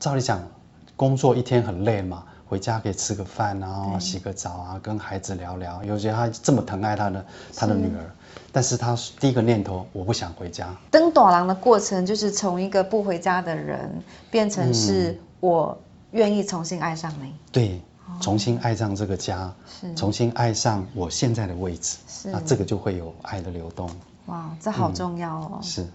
照理講，工作一天很累嘛，回家可以吃個飯啊，然後洗個澡啊，對跟孩子聊聊。尤其他這麼疼愛他的是他的女兒，但是他第一個念頭，我不想回家。登短廊的過程就是從一個不回家的人，變成是我願意重新愛上你。嗯、對，重新愛上這個家，哦、重新愛上我現在的位置，是那這個就會有愛的流動。哇，這好重要哦。嗯、是。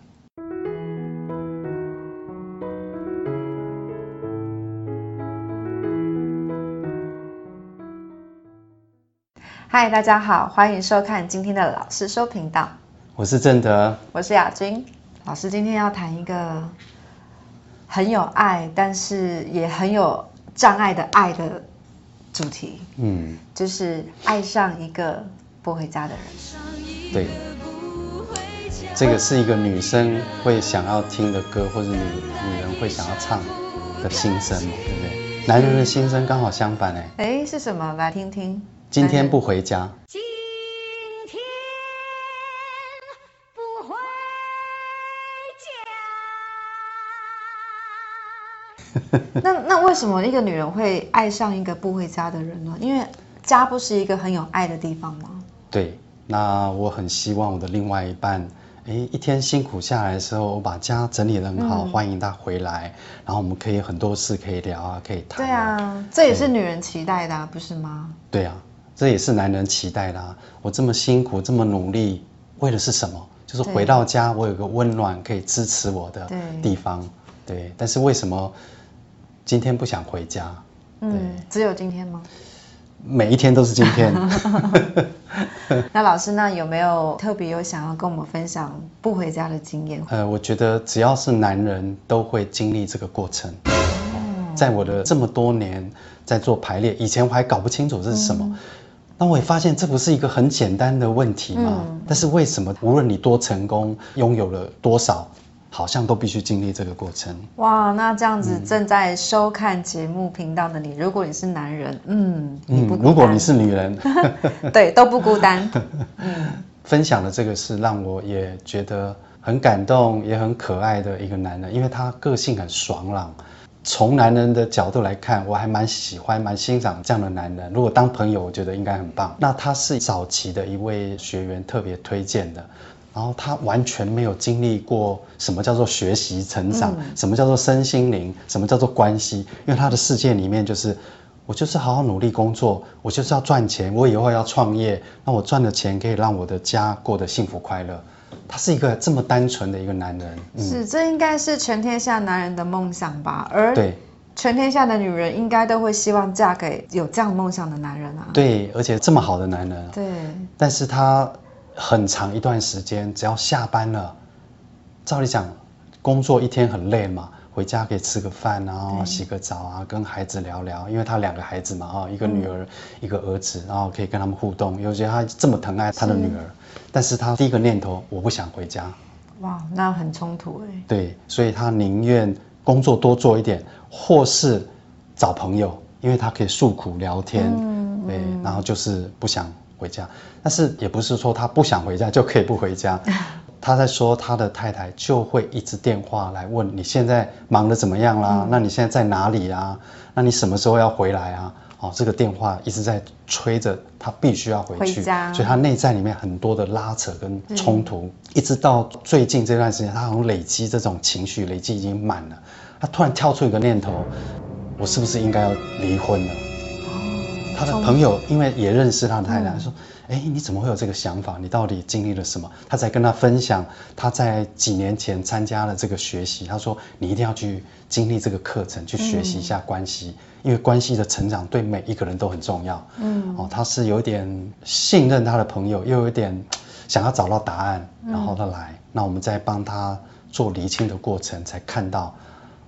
嗨，Hi，大家好，歡迎收看今天的老施說頻道。我是正德，我是雅君。老施今天要談一個很有愛，但是也很有障礙的愛的主題。嗯，就是愛上一個不回家的人。對，這個是一個女生會想要聽的歌，或是女女人會想要唱的心聲嘛，對不對？男人的心聲剛好相反。哎，是什麼？來聽聽。今天不回家。哎、今天不回家。 那那為什麼一個女人會愛上一個不回家的人呢？因為家不是一個很有愛的地方嗎？對，那我很希望我的另外一半，誒、欸，一天辛苦下來的時候，我把家整理得很好，嗯、歡迎他回來，然後我們可以很多事可以聊啊，可以談、啊。對啊，這也是女人期待的、啊，所以，不是嗎？對啊。這也是男人期待啦。我這麼辛苦，這麼努力，為的是什麼？就是回到家，我有個溫暖可以支持我的地方。對，對。但是為什麼今天不想回家？嗯，對，只有今天嗎？每一天都是今天。那老師，那有沒有特別有想要跟我們分享不回家的經驗？呃，我覺得只要是男人，都會經歷這個過程。哦。在我的這麼多年在做排列，以前我還搞不清楚這是什麼。嗯那我也發現這不是一個很簡單的問題嘛？嗯、但是為什麼無論你多成功，擁有了多少，好像都必須經歷這個過程？哇，那這樣子正在收看節目頻道的你，嗯、如果你是男人，嗯，不孤單；嗯，如果你是女人， 對，都不孤單。 分享的這個是讓我也覺得很感動，也很可愛的一個男人，因為他個性很爽朗。從男人的角度來看，我還蠻喜歡、蠻欣賞這樣的男人。如果當朋友，我覺得應該很棒。那他是早期的一位學員特別推薦的，然後他完全沒有經歷過什麼叫做學習成長，嗯、什麼叫做身心靈，什麼叫做關係，因為他的世界裡面就是我就是好好努力工作，我就是要賺錢，我以後要創業，那我賺的錢可以讓我的家過得幸福快樂。他是一個這麼單純的一個男人，嗯、是，這應該是全天下男人的夢想吧，而對，全天下的女人應該都會希望嫁給有這樣夢想的男人啊，對，而且這麼好的男人，對，但是他很長一段時間，只要下班了，照理講，工作一天很累嘛。回家可以吃個飯啊，洗個澡啊，跟孩子聊聊，對因為他兩個孩子嘛，啊一個女兒，嗯、一個兒子，然後可以跟他們互動。尤其他這麼疼愛他的女兒，是，但是他第一個念頭，我不想回家。哇，那很衝突哎。對，所以他寧願工作多做一點，或是找朋友，因為他可以訴苦聊天。嗯，嗯對，然後就是不想回家，但是也不是說他不想回家就可以不回家。 他在說他的太太就會一直電話來問，你現在忙得怎麼樣啦？嗯、那你現在在哪裡啊？那你什麼時候要回來啊？哦，這個電話一直在催着他必須要回去，回家所以他內在裡面很多的拉扯跟衝突，嗯、一直到最近這段時間，他好像累積這種情緒，累積已經滿了，他突然跳出一個念頭，我是不是應該要離婚了？他的朋友因為也認識他的太太,太，嗯、說：哎、欸，你怎麼會有這個想法？你到底經歷了什麼？他在跟他分享他在幾年前參加了這個學習。他說：你一定要去經歷這個課程，去學習一下關係，嗯、因為關係的成長對每一個人都很重要。嗯，哦，他是有點信任他的朋友，又有點想要找到答案，然後他來。嗯、那我們在幫他做釐清的過程，才看到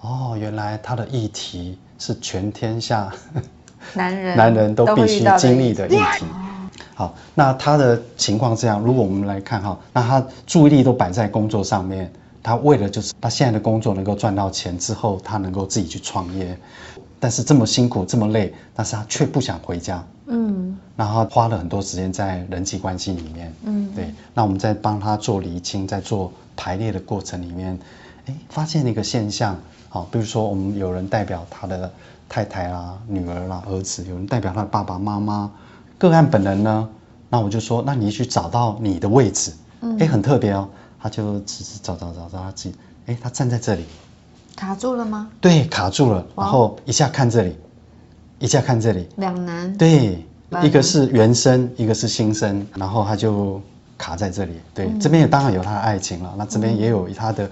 哦，原來他的議題是全天下。 男人，男人都必須經歷的議題。好，那他的情況是這樣，如果我們來看哈，那他注意力都擺在工作上面，他為了就是他現在的工作能夠賺到錢之後，他能夠自己去創業，但是這麼辛苦這麼累，但是他卻不想回家。嗯。然後花了很多時間在人際關係裡面。嗯。對，那我們在幫他做釐清，在做排列的過程裡面，哎、欸，發現了一個現象，好，比如說我們有人代表他的。太太啦、啊、女兒啦、啊、兒子，有人代表他的爸爸媽媽，個案本人呢？那我就說，那你去找到你的位置。嗯。哎，很特別哦。他就找找找找，他自己哎，他站在這裡。卡住了嗎？對，卡住了。哇然後一下看這裡，一下看這裡。兩難男。對，男一個是原生，一個是新生，然後他就卡在這裡。對，嗯、這邊也當然有他的愛情了，那這邊也有他的、嗯。他的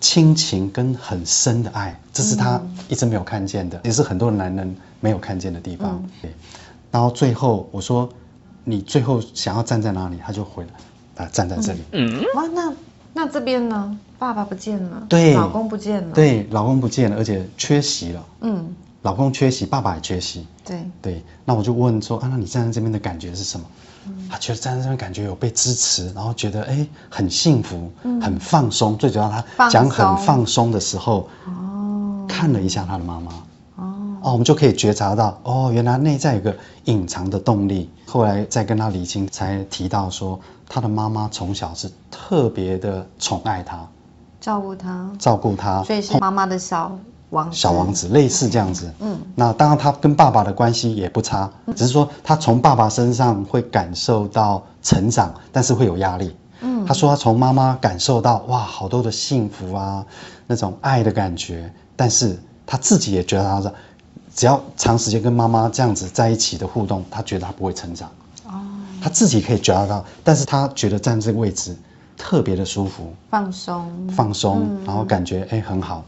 親情跟很深的愛，這是他一直沒有看見的，嗯、也是很多男人沒有看見的地方。嗯、對，然後最後我說，你最後想要站在哪裡？他就回來啊、呃，站在這裡。嗯，哇，那那這邊呢？爸爸不見了，對，老公不見了，對，老公不見了，而且缺席了。嗯，老公缺席，爸爸也缺席。對，對，那我就問說啊，那你站在這邊的感覺是什麼？嗯、他覺得站在那邊感覺有被支持，然後覺得哎、欸、很幸福，很放鬆。嗯、最主要他講鬆很放鬆的時候，哦，看了一下他的媽媽，哦，哦，我們就可以覺察到，哦，原來內在有個隱藏的動力。後來再跟他釐清，才提到說他的媽媽從小是特別的寵愛他，照顧他，照顧他，所以是媽媽的小。王小王子類似這樣子，嗯，那當然他跟爸爸的關係也不差，嗯，只是說他從爸爸身上會感受到成長，但是會有壓力，嗯，他說他從媽媽感受到哇好多的幸福啊，那種愛的感覺，但是他自己也覺得他是只要長時間跟媽媽這樣子在一起的互動，他覺得他不會成長，哦，他自己可以覺察到，但是他覺得在這個位置特別的舒服，放鬆，放鬆，然後感覺哎、欸，很好。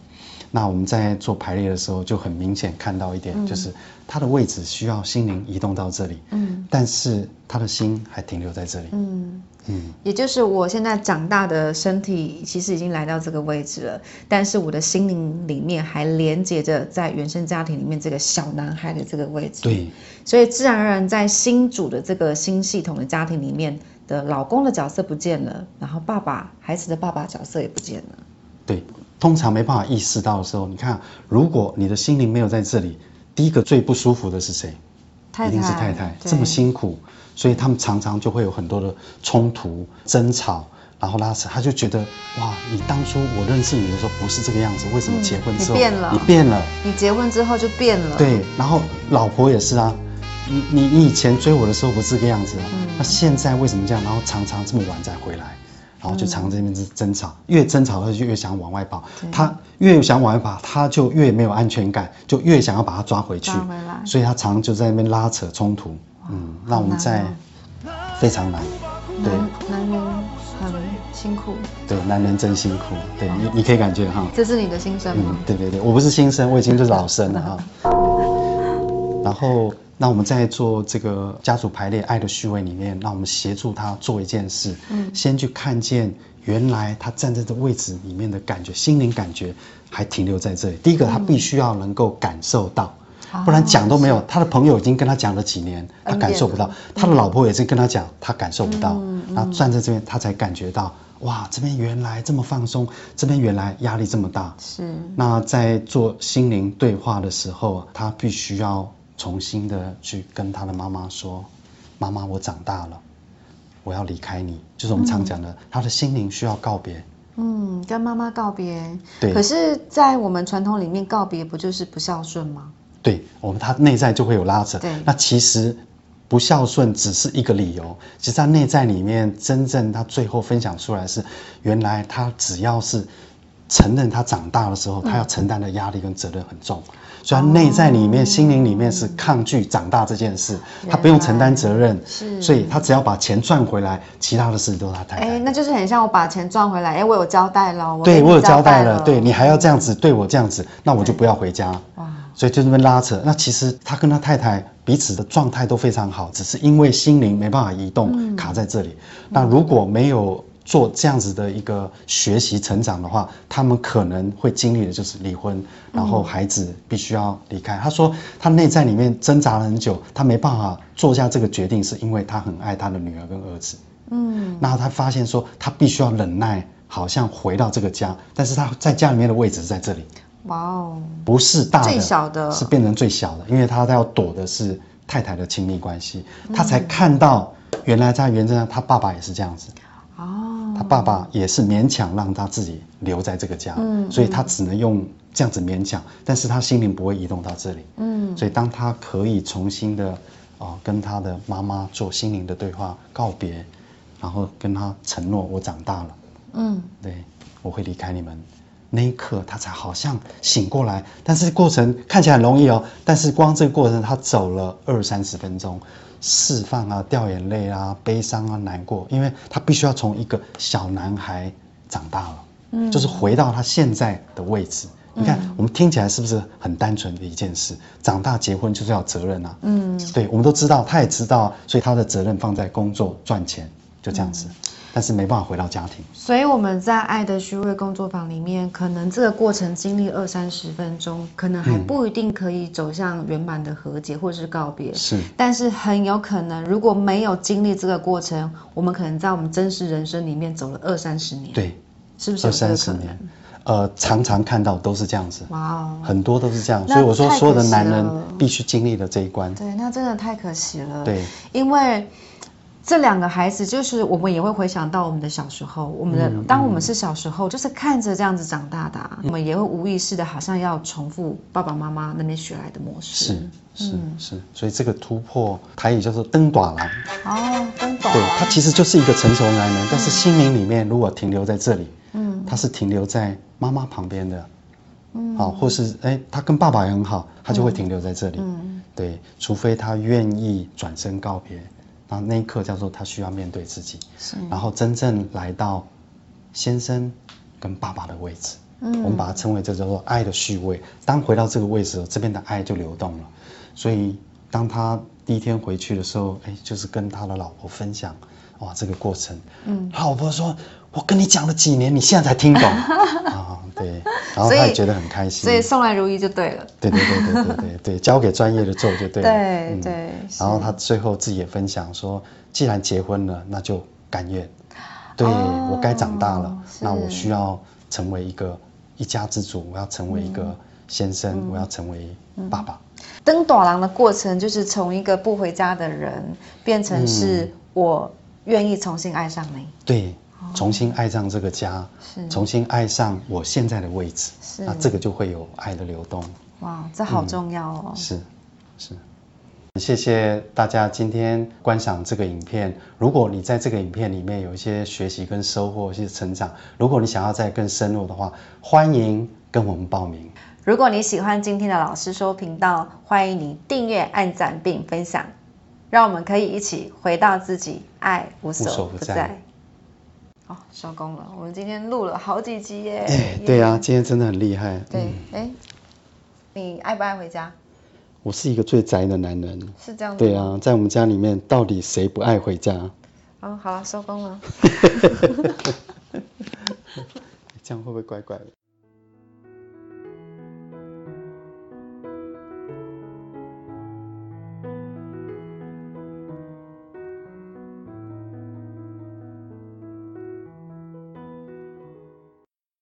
那我們在做排列的時候，就很明顯看到一點，就是他的位置需要心靈移動到這裡，嗯，但是他的心還停留在這裡。嗯嗯，嗯，也就是我現在長大的身體其實已經來到這個位置了，但是我的心靈裡面還連接着在原生家庭裡面這個小男孩的這個位置。對，所以自然而然在新組的這個新系統的家庭裡面的老公的角色不見了，然後爸爸孩子的爸爸的角色也不見了。對。通常沒辦法意識到的時候，你看、啊，如果你的心靈沒有在這裡，第一個最不舒服的是誰？太太一定是太太，對這麼辛苦，所以他們常常就會有很多的衝突、爭吵，然後拉扯。他就覺得，哇，你當初我認識你的時候不是這個樣子，為什麼結婚之後你變了？你變了。你結婚之後就變了。對，然後老婆也是啊，你你你以前追我的時候不是這個樣子，啊。嗯、那現在為什麼這樣？然後常常這麼晚才回來。然後就常在那邊爭爭吵，越爭吵他就越想往外跑，他越想往外跑，他就越沒有安全感，就越想要把他抓回去。抓回來，所以他常就在那邊拉扯衝突。嗯，那我們在非常難。男人很辛苦。對，男人真辛苦。對你，你可以感覺哈。這是你的新生。嗯，對對對，我不是新生，我已經就是老生了哈。然後。那我們在做這個家族排列愛的序位裡面，讓我們協助他做一件事，嗯、先去看見原來他站在這位置裡面的感覺，心靈感覺還停留在這裡。第一個，嗯、他必須要能夠感受到，哦、不然講都沒有。是他的朋友已經跟他講了幾年，他感受不到；嗯、他的老婆也是跟他講，他感受不到。嗯、那站在這邊，他才感覺到、嗯、哇，這邊原來這麼放鬆，這邊原來壓力這麼大。是。那在做心靈對話的時候，他必須要。重新的去跟他的媽媽說：“媽媽，我長大了，我要離開你。”就是我們常講的，嗯、他的心靈需要告別。嗯，跟媽媽告別。對。可是，在我們傳統裡面，告別不就是不孝順嗎？對，我們他內在就會有拉扯。對。那其實不孝順只是一個理由，其實在內在裡面真正他最後分享出來是，原來他只要是。承認他長大的時候，他要承擔的壓力跟責任很重，嗯、所以他內在裡面、嗯、心靈裡面是抗拒長大這件事。嗯、他不用承擔責任。是所以他只要把錢賺回來，其他的事都是他太太。哎、欸，那就是很像我把錢賺回來，哎、欸，我有交代了。對，我有交代了。對你還要這樣子對我這樣子，那我就不要回家。哇，所以就這麼拉扯。那其實他跟他太太彼此的狀態都非常好，只是因為心靈沒辦法移動，嗯、卡在這裡。嗯、那如果沒有。做這樣子的一個學習成長的話，他們可能會經歷的就是離婚，然後孩子必須要離開。嗯、他說他內在裡面掙扎了很久，他沒辦法做下這個決定，是因為他很愛他的女兒跟兒子。嗯，然後他發現說他必須要忍耐，好像回到這個家，但是他在家裡面的位置在這裡。哇哦，不是大的，最小的，是變成最小的，因為他要躲的是太太的親密關係。嗯、他才看到原來在原生他爸爸也是這樣子。哦。啊、爸爸也是勉強讓他自己留在這個家，嗯嗯、所以他只能用這樣子勉強，但是他心靈不會移動到這裡。嗯、所以當他可以重新的啊、呃、跟他的媽媽做心靈的對話告別，然後跟他承諾我長大了，嗯，對，我會離開你們。那一刻他才好像醒過來，但是過程看起來很容易哦，但是光這個過程他走了二三十分鐘，釋放啊，掉眼淚啊，悲傷啊，難過，因為他必須要從一個小男孩長大了，嗯，就是回到他現在的位置。你看，嗯、我們聽起來是不是很單純的一件事？長大結婚就是要有責任啊，嗯，對，我們都知道，他也知道，所以他的責任放在工作賺錢，就這樣子。嗯但是沒辦法回到家庭，所以我們在愛的序位工作坊裡面，可能這個過程經歷二三十分鐘，可能還不一定可以走向圓滿的和解或者是告別。是、嗯，但是很有可能如果沒有經歷這個過程，是我們可能在我們真實人生裡面走了二三十年。對，是不是二三十年？呃，常常看到都是這樣子。哇、哦，很多都是這樣。所以我說，所有的男人必須經歷了這一關。對，那真的太可惜了。對，因為。這兩個孩子就是我們也會回想到我們的小時候，我們的當我們是小時候，就是看着這樣子長大的，我們也會無意識的好像要重複爸爸媽媽那邊學來的模式。是是是，所以這個突破，台語叫做轉大人。哦，轉大。對，他其實就是一個成熟男人，但是心靈裡面如果停留在這裡，嗯，他是停留在媽媽旁邊的，嗯，好，或是哎，他跟爸爸也很好，他就會停留在這裡，嗯，對，除非他願意轉身告別。那那一刻叫做他需要面對自己，是然後真正來到先生跟爸爸的位置，嗯、我們把它稱為這叫做愛的序位。當回到這個位置，這邊的愛就流動了。所以當他第一天回去的時候，哎，就是跟他的老婆分享，哇，這個過程。嗯，他老婆說。我跟你講了幾年，你現在才聽懂啊、 哦，對，然後他也覺得很開心，所以，所以送來如意就對了。 對對對對對對對，交給專業的做就對了。對 對，嗯、對，然後他最後自己也分享說，是既然結婚了，那就甘願。對，哦、我該長大了，是那我需要成為一個一家之主，我要成為一個先生，嗯、我要成為爸爸。嗯嗯、登短廊的過程就是從一個不回家的人變成是我願意重新愛上你。嗯、對。重新愛上這個家，是重新愛上我現在的位置，是那這個就會有愛的流動。哇，這好重要哦。嗯，是，是，謝謝大家今天觀賞這個影片。如果你在這個影片裡面有一些學習跟收穫，一些成長，如果你想要再更深入的話，歡迎跟我們報名。如果你喜歡今天的老施說頻道，歡迎你訂閱、按讚並分享，讓我們可以一起回到自己，愛無所不在。收工、哦、了，我們今天錄了好幾集耶。哎、欸，對啊，Yeah. 今天真的很厲害。對，哎、嗯欸，你愛不愛回家？我是一個最宅的男人。是這樣嗎？對啊，在我們家裡面，到底誰不愛回家？啊、哦，好了，收工了。這樣會不會怪怪的？